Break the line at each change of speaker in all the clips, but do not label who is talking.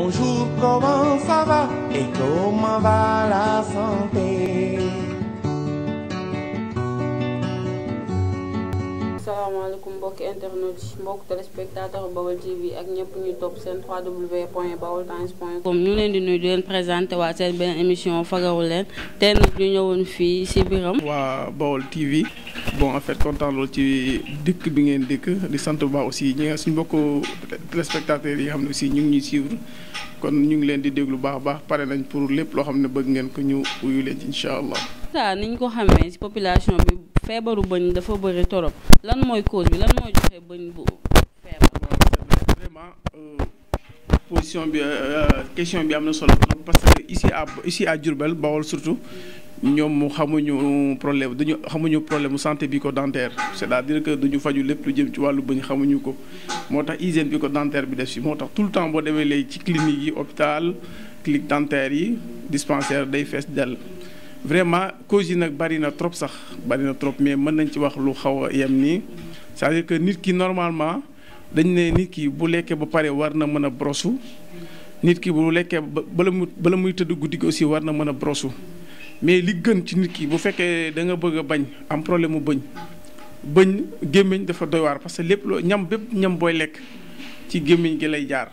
Bonjour, comment ça va et comment va la santé
asalaamaaleykum mbokki internet yi mbokki téléspectateur TV ak ñëpp ñu topp seen www.baoltimes.com ñu leen di nuyu di leen présenté waa seen benn émission fagaru leen ñu ñëwoon fii si biram waa Baol TV bon
en fait kontaan ci dëkk bi ngeen dëkk di sant bu aussi ñi nga suñu mbokk téléspectateurs yi nga xam aussi ñu ngi ñuy suivre kon ñu ngi leen di déglu baax a baax pare nañ pour lépp loo xam ne bëgg ngeen ko ñëw uyu leen ci incha allah.
saa ni ñu ko xamee ci population bi feebaru bëñ dafa bëri torop lan mooy cause bi lan mooy joxe bëñ bu feebar. vraiment euh, position
bi euh, euh, question bi am na solo parce que ici à ici à Diourbel Bawol surtout. ñoom mu xamuñu problème duñu xamuñu problème mu santé bi ko dentaire c'est-à-dire que duñu faju lépp lu jëm ci wàllu bëñ xamuñu ko moo tax hygiène bi ko dentaire bi def si moo tax tout le temps boo demee léegi ci clinique yi hôpital clinique dentaire yi dispensaire day fees dell vraiment cause yi nag bari na trop sax bari na trop mais mën nañ ci wax lu xaw a yem nii cest dire que nit ki normalement dañ ne nit ki bu lekkee ba pare war na mën a brosu nit ki bu lekkee bala muy bala muy tëdd guddi gi aussi war na mën a brosu mais li gën ci nit ki bu fekkee danga nga bëgg a bañ am problème mu bëñ bëñ gémmiñ dafa doy waar parce que lépp loo ñam bépp ñam booy lekk ci gémmiñ gi lay jaar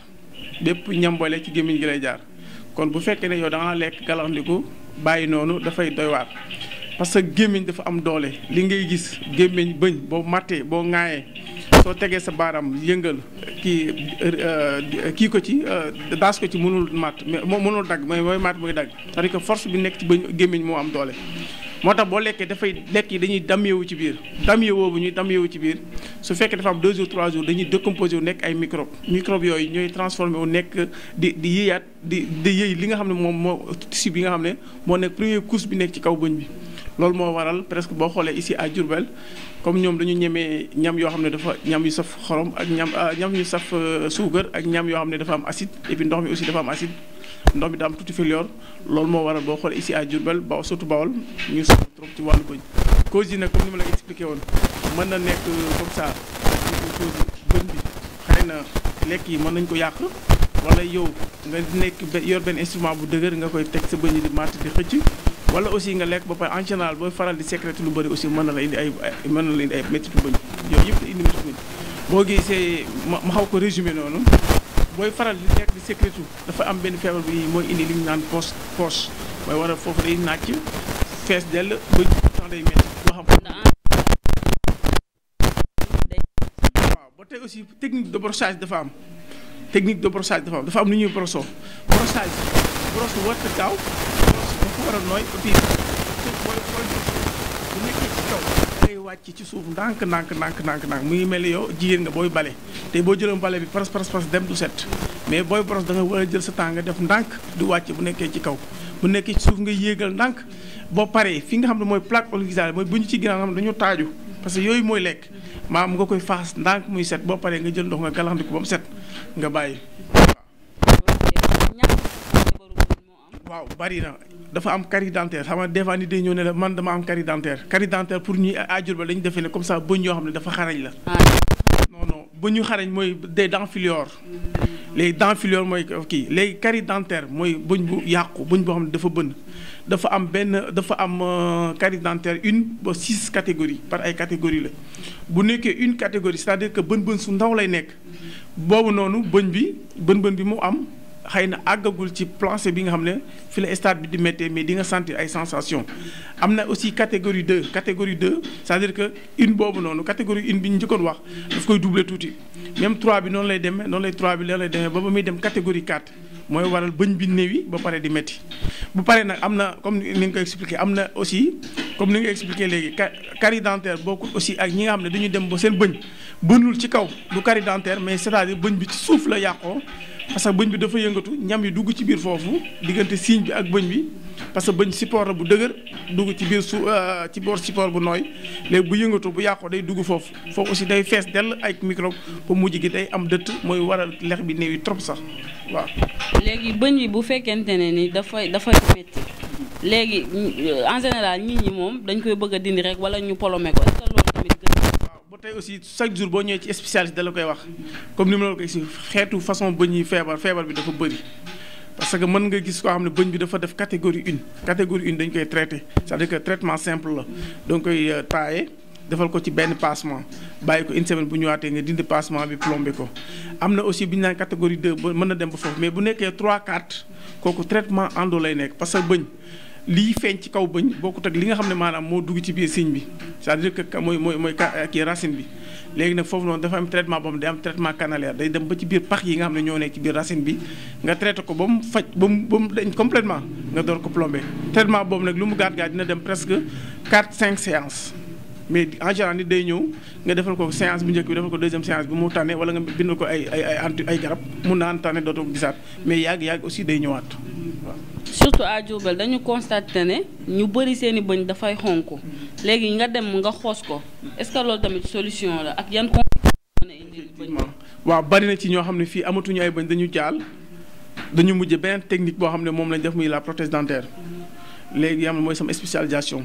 bépp ñam booy lekk ci gémmiñ gi lay jaar kon bu fekkee ne yow da nga lekk galandiku bàyyi noonu dafay doy waar parce que gémmiñ dafa am doole li ngay gis gémmiñ bëñ boo màttee boo ŋaayee soo tegee sa baaraam yëngal kii euh, kii ko ci euh, daas ko ci mënul matt moo mënul dagg mooy mooy matt mooy dagg c'est-à-dire que force bi nekk ci bëñ gémmiñ moo am doole moo tax boo lekkee dafay lekk yi dañuy damyewu ci biir damyewu bu ñuy damyewu ci biir su fekkee dafa am 2 jours 3 jours dañuy décomposé wu nekk ay microbe microbe yooyu ñooy transformé wu nekk di di yëyaat di di yëy li nga xam ne moom moo tissu bi nga xam ne moo nekk première couche bi nekk ci kaw bëñ bi loolu moo waral presque boo xoolee ici a Diourbel comme ñoom dañu ñemee ñam yoo xam ne dafa ñam yu saf xorom ak ñam ah, ñam yu saf euh, suukar ak ñam yoo xam ne dafa am acide et ndox mi aussi dafa am acide ndox mi daam am tuuti filioor loolu moo waral boo xoolee ici a Diourbel ba surtout Bawol ñu soxla trop ci wàllu bëñ cause yi nag comme ni ma la expliqué woon mën na nekk euh, comme ça cause bëñ bi xëy na lekk yi mën nañ ko yàq wala yow nga nekk yor benn instrument bu dëgër nga koy teg sa bëñ di màtt di xëcc wala aussi nga lekk ba pare en général booy faral di sécréter lu bëri aussi mën na la indi ay mën na la indi ay méttiitu bëñ yooyu yëpp indi méttiitu boo gisee ma ma xaw ko résumé noonu booy faral di lekk di sécréter dafa am benn feebar bi mooy indi li ñu naan poche poche mooy waral foofu day nàcc fees dell ba tax day waaw ba tey aussi technique de brossage dafa am technique de brossage dafa am dafa am lu ñuy brosso brossage brosse warta gaaw war a nooy ci suuf ndànk ndànk ndànk ndànk ndànk mu ngi mel ni yow jigéen booy bale te boo jëloon bale bi paras paras paras dem du set mais booy boros da nga war a jël sa temps def ndànk di wàcc bu nekkee ci kaw bu nekkee ci suuf nga yéegal ndànk boo paree fi nga xam ne mooy plaque oligizale mooy bu ñu ci ginnaaw nga xam ne dañoo taaju parce que yooyu mooy lekk maam nga koy faas ndànk muy set boo paree nga jël ndox nga galandiku ba mu set nga bàyyi waaw bari na dafa am cari dentaire xam nga des fois nit day ñëw ne la man dama am carie dentaire carie dentaire pour ñuy ajur ba lañ defee ne comme ça bëñ yoo xam ne dafa xarañ la. Ah. non non bëñu xarañ mooy de dents filiores. léegi dents filiores mooy kii léegi carie dentaire mooy bëñ bu yàqu bëñ boo xam ne dafa bënn dafa am benn dafa am euh, carie dentaire une ba six catégories par ay catégories la bu nekkee une catégorie c'est-à-dire que bën-bën su ndaw lay nekk boobu noonu bëñ bi bën-bën bi mu am. xëy na àggagul ci plancher bi nga xam ne fi la stade bi di méttee mais di nga sentir ay sensation am na aussi catégorie 2 catégorie 2 c'est-à-dire que une boobu noonu catégorie une bi ñu njëkkoon wax daf koy doubler tuuti même 3 bi noonu lay demee noonu lay trois bi lay demee ba ba muy dem catégorie 4 mooy waral bëñ bi néew ba pare di métti bu paree nag am na comme ni nga ko expliqué am na aussi comme ni nga expliqué léegi carie dentaire bokkul ak ñi nga xam ne dañuy dem ba seen bëñ bënul ci kaw du carie mais cest bëñ bi ci suuf la yàqoo parce que bëñ bi dafa yëngatu ñam yi dugg ci biir foofu diggante siiñ bi ak bëñ bi parce que bëñ support bu dëgër dugg ci biir su euh, ci boor support bu nooy léegi bu yëngatu bu yàqoo day dugg foofu foofu aussi day fees dell ay microbe ba mujj gi day am dëtt mooy waral lex bi néew yi trop sax waaw.
léegi bëñ bi bu fekkente ne ni dafay dafay métti léegi en général nit ñi moom dañ koy bëgg a dindi rek wala ñu polomé ko
tey aussi chaque jour boo ñëwee ci spécialiste da wax comme ni ma la ko si façon bëñ yi feebar feebar bi dafa bëri parce que mën nga gis koo xam ne bëñ bi dafa def catégorie une catégorie une dañ koy traité cest à que traitement simple la donc koy euh, taaye defal ko ci benn pansement bàyyi ko une semaine bu ñëwaatee nga dindi pansement bi plombé ko am na aussi bi ñu naan catégorie ba mën na dem ba foofu mais bu nekkee trois quatre kooku traitement endo lay nekk parce que bëñ lii feeñ ci kaw bëñ bokkut ak li nga xam ne maanaam moo dugg ci biir signe bi c'est-à-dire que mooy mooy mooy kii racine bi léegi nag foofu noonu dafa am traitement boobu day traitement canalaire day dem ba ci biir pax yi xam ne ñoo nekk ci bi nga traité ko ba mu faj ba mu ba mu dañ complètement nga door ko plombé traitement boobu nag lu mu gaat gaat dina dem presque 4 5 séances mais en général nit day ñëw nga defal ko séance bu njëkk bi defal ko deuxième séance bi mu tànne wala nga bind ko ay ay ay anti ay garab mais yàgg yàgg aussi day ñëwaat.
surtout à Diourbel dañu constaté ne ñu bëri seen i bëñ dafay xonk léegi nga dem nga xoos ko est-ce que loolu tamit solution la ak yan conséquences
waaw bari na ci ñoo xam ne fii amatuñu ay bëñ dañu jaal dañu mujj beneen technique boo xam ne moom lañ def muy la prothèse léegi yam mooy sama spécialisation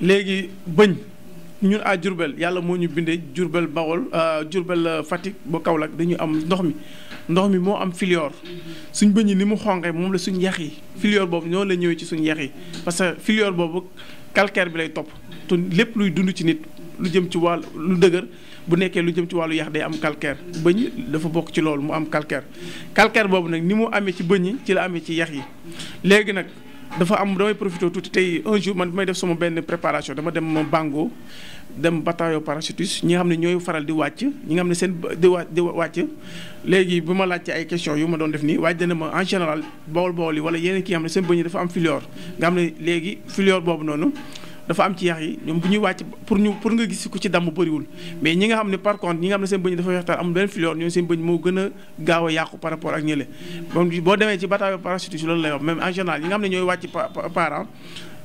léegi bëñ ñun à Diourbel yàlla moo ñu bindee Diourbel Bawol euh, Diourbel euh, Fatick ba Kaolack dañu am ndox mi ndox mi moo am filior suñ bëñ yi ni mu xonqee moom la suñ yax yi filior boobu ñoo la ñëwee ci suñ yax yi parce que filior boobu calcaire bi lay topp te lépp luy dund ci nit lu jëm ci wàll lu dëgër bu nekkee lu jëm ci wàllu yax day am calcaire bëñ dafa bokk ci loolu mu am calcaire calcaire boobu nag ni mu amee ci bëñ yi ci la amee ci yax yi léegi nag dafa am damay profité tuuti tey un jour man bi may def sama benn préparation dama dem ma Bango dem bataillon parachutiste ñi nga xam ne ñooy faral di wàcc ñi nga xam ne seen di wa di wàcc léegi bu ma laajte ay question yu ma doon def nii waaye dana ma en général bool bool yi wala yenn ki nga xam ne seen bëñ dafa am filior nga xam ne léegi filior boobu noonu dafa am ci yax yi ñoom bu ñuy wàcc pour ñu pour nga gis ku ci damm bëriwul mais ñi nga xam ne par contre ñi nga xam ne seen bëñ dafa weextaan amul benn fleur ñoom seen a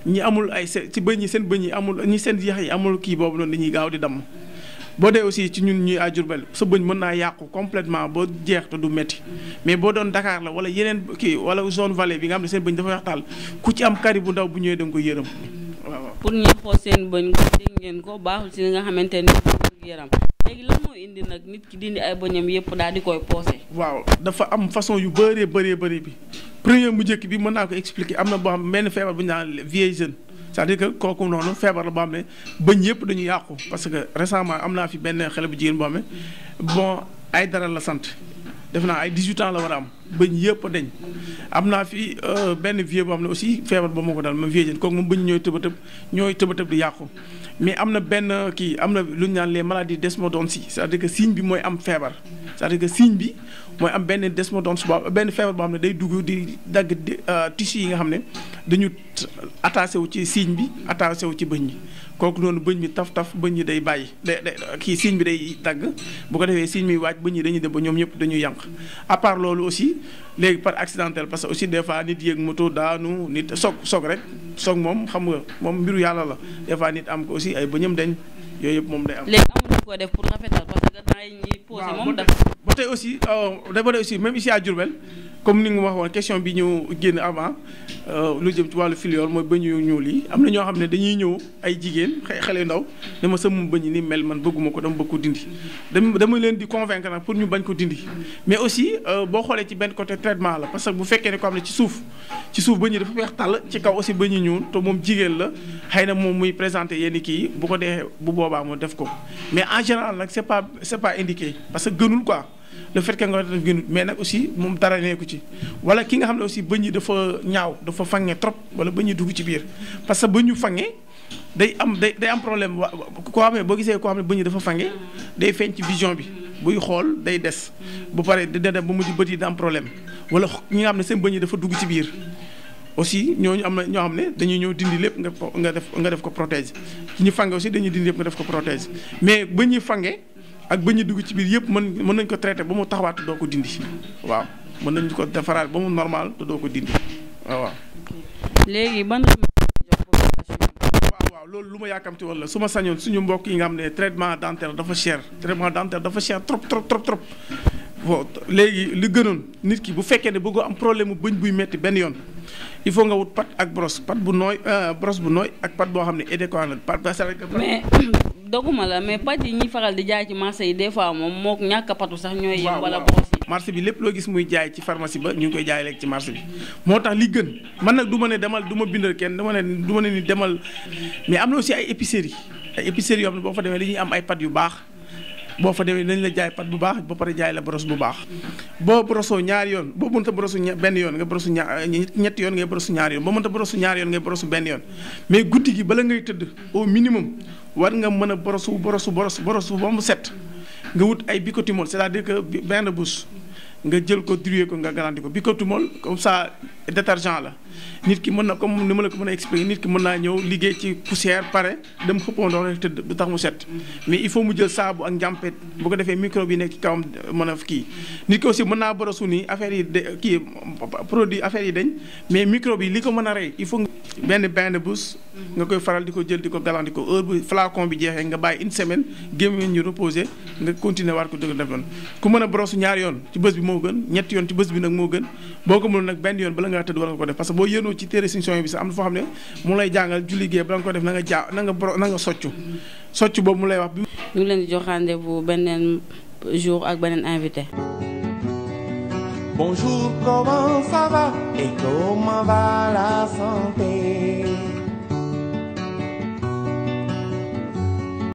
gaaw amul ay ci bëñ yi seen bëñ yi amul ñi seen yax yi amul kii boobu noonu dañuy gaaw di damm boo dee aussi ci ñun ñuy à Diourbel sa bëñ mën naa yàqu complètement ba jeex te du metti mais boo doon Dakar la wala yeneen kii wala zone vallée bi nga xam ne seen bëñ dafa weextaal ku ci am kari bu ndaw bu ñëwee da nga ko yërëm
pour ñaxoo seen bëñ ko dégg ngeen ko baaxul si li nga xamante ni yaram léegi lan moo indi nag nit ki dindi ay bëñam yëpp daal di koy poosé. waaw
dafa am façon yu bëree bëree bëri bi premier bu njëkk bi mën naa ko expliquer am na boo xam benn feebar bu ñu naan vieille jeune c'est-à-dire que noonu feebar la boo xam ne bëñ yëpp dañu yàqu parce que récemment am naa fi benn xele bu jigéen boo xam ne bon ay dara la sant. def naa ay 18 ans la war a am bëñ yëpp a deñ am naa fi euh, benn vieux boo xam ne aussi feebar ba moo ko dal ma vieux jën kooku moom bëñ ñooy tëbatëb ñooy tëbatëb di yàqu mais am na benn kii am na lu ñu naan les maladies desmodonties cest si dire que signe bi mooy am feebar cest à que signe bi mooy am benn des desmodonte subaa benn feebar boo am ne day dugg di dagg euh, tissu yi nga xam ne dañu attaché wu ci signe bi attaché wu ci bëñ bi kooku noonu bëñ bi taf taf bëñ yi day bàyyi day kii signe bi day dagg bu ko defee signe bi waaj bëñ yi dañuy dem ba ñoom ñëpp dañuy yànq à part loolu aussi léegi par accidentel parce que aussi des fois nit yéeg moto daanu nit soog sog rek soog moom xam nga moom mbiru yàlla la des nit am ko aussi ay bëñam deñ yooyu yëpp moom
gànnaay ñi posé moom dafa
ba tey aussi dafa oh, ne aussi même ici à Diourbel comme ni nga wax woon question bi ñu génn avant euh, lu jëm ci wàllu filior mooy bëñ yu ñuul yi am na ñoo xam ne dañuy ñëw ay jigéen xale ndaw dama sama bañ ni mel man bëgguma ko dama bëgg ko dindi. dama leen di convaincre nag pour ñu bañ ko dindi. mais aussi euh, boo xoolee ci benn côté traitement la parce que bu fekkee ne ko am ne ci suuf ci suuf bëñ yi dafa weex tàll ci kaw aussi bëñ yu ñuul te moom jigéen la xëy na moom muy présenté yenn kii bu ko dee bu boobaa moo def ko mais en général nag c'est pas c'est pas parce que gënul quoi. le fait que nga def gënut mais nag aussi moom dara neeku ci wala ki nga xam ne aussi bëñ yi dafa ñaaw dafa fange trop wala bëñ yi dugg ci biir parce que bëñu fange day am day day am problème wa koo xam ne boo gisee koo xam ne bëñ yi dafa fange day feeñ ci vision bi buy xool day des bu paree dina dem mu mujj bët yi da am problème wala ki nga xam ne seen bëñ yi dafa dugg ci biir aussi ñooñu am na ñoo xam ne dañuy ñëw dindi lépp nga nga def nga def ko protège ñu fange aussi dañuy dindi lépp nga def ko protège mais bëñ yi fange ak bëñ ñu dugg ci biir yëpp mën mën nañ ko traité ba mu taxawaat doo ko dindi waaw mën nañu ko defaraat ba mu normal te doo ko dindi waaw.
léegi ban. waaw
waaw loolu lu ma yàkkamti woon la su ma sañoon suñu mbokk yi nga xam ne traitement dentaire dafa cher traitement dentaire dafa cher trop trop trop trop. bon léegi li gënoon nit ki bu fekkee ne bëggoo am problème mu bëñ buy metti benn yoon. il faut nga wut pat ak brosse pat bu nooy euh, brosse bu nooy ak pat boo xam ne adéquat la pat mais
doguma la pat yi ñuy faral di jaay ci marché yi des fois moom moo ñàkk a patu bi lépp
loo gis muy jaay ci pharmacie ba ñu ngi koy jaay léegi ci marché bi moo tax li gën man nag du ma ne demal du ma bindal kenn dama ne du ma ne ni demal mais am na aussi ay épicerie ay épicerie yoo xam ne boo fa demee dañuy am ay pat yu baax boo fa demee dañ la jaay pat bu baax ba pare jaay la brosse bu baax boo brosso ñaari yoon boo mënta brosso benn yoon nga brosso ñaar ñetti yoon ngay brosso ñaari yoon boo mënta brosso ñaari yoon ngay brosso benn yoon mais guddi gi bala ngay tëdd au minimum war nga mën a brosso brosso brosso brosso ba mu set nga wut ay bicotimol c'est-à-dire que benn bouche nga jël ko diluer ko nga garanti ko bi ko tumal comme ça détergent la nit ki mën na comme ni ma la ko mën a expliquer nit ki mën naa ñëw liggéey ci poussière pare dem xëppoo ndox rek tëdd du tax mu set mais il faut mu jël saabu ak njàmpet bu ko defee microbe yi nekk kawam mën a kii nit ki aussi mën naa borosu ni affaire yi de kii produit affaire yi dañ mais microbe yi li ko mën a rey il faut benn bain de bouche nga koy faral di ko jël di ko galant di ko heure bu flacon bi jeexee nga bàyyi une semaine gémmiñ ñu reposer nga continuer waat ko dëgg def noonu ku mën a brosse ñaar yoon ci bés bi moo gën ñetti yoon ci bés bi nag moo gën boo ko mënul nag benn yoon bala ngaa tëdd war nga ko def parce que boo yéenoo ci téere siñson bi sax am na foo xam ne mu lay jàngal ju liggéey bala nga ko def na nga jaa na nga na nga soccu soccu boobu mu lay wax
ak beneen invité
Bonjour, comment ça et comment la santé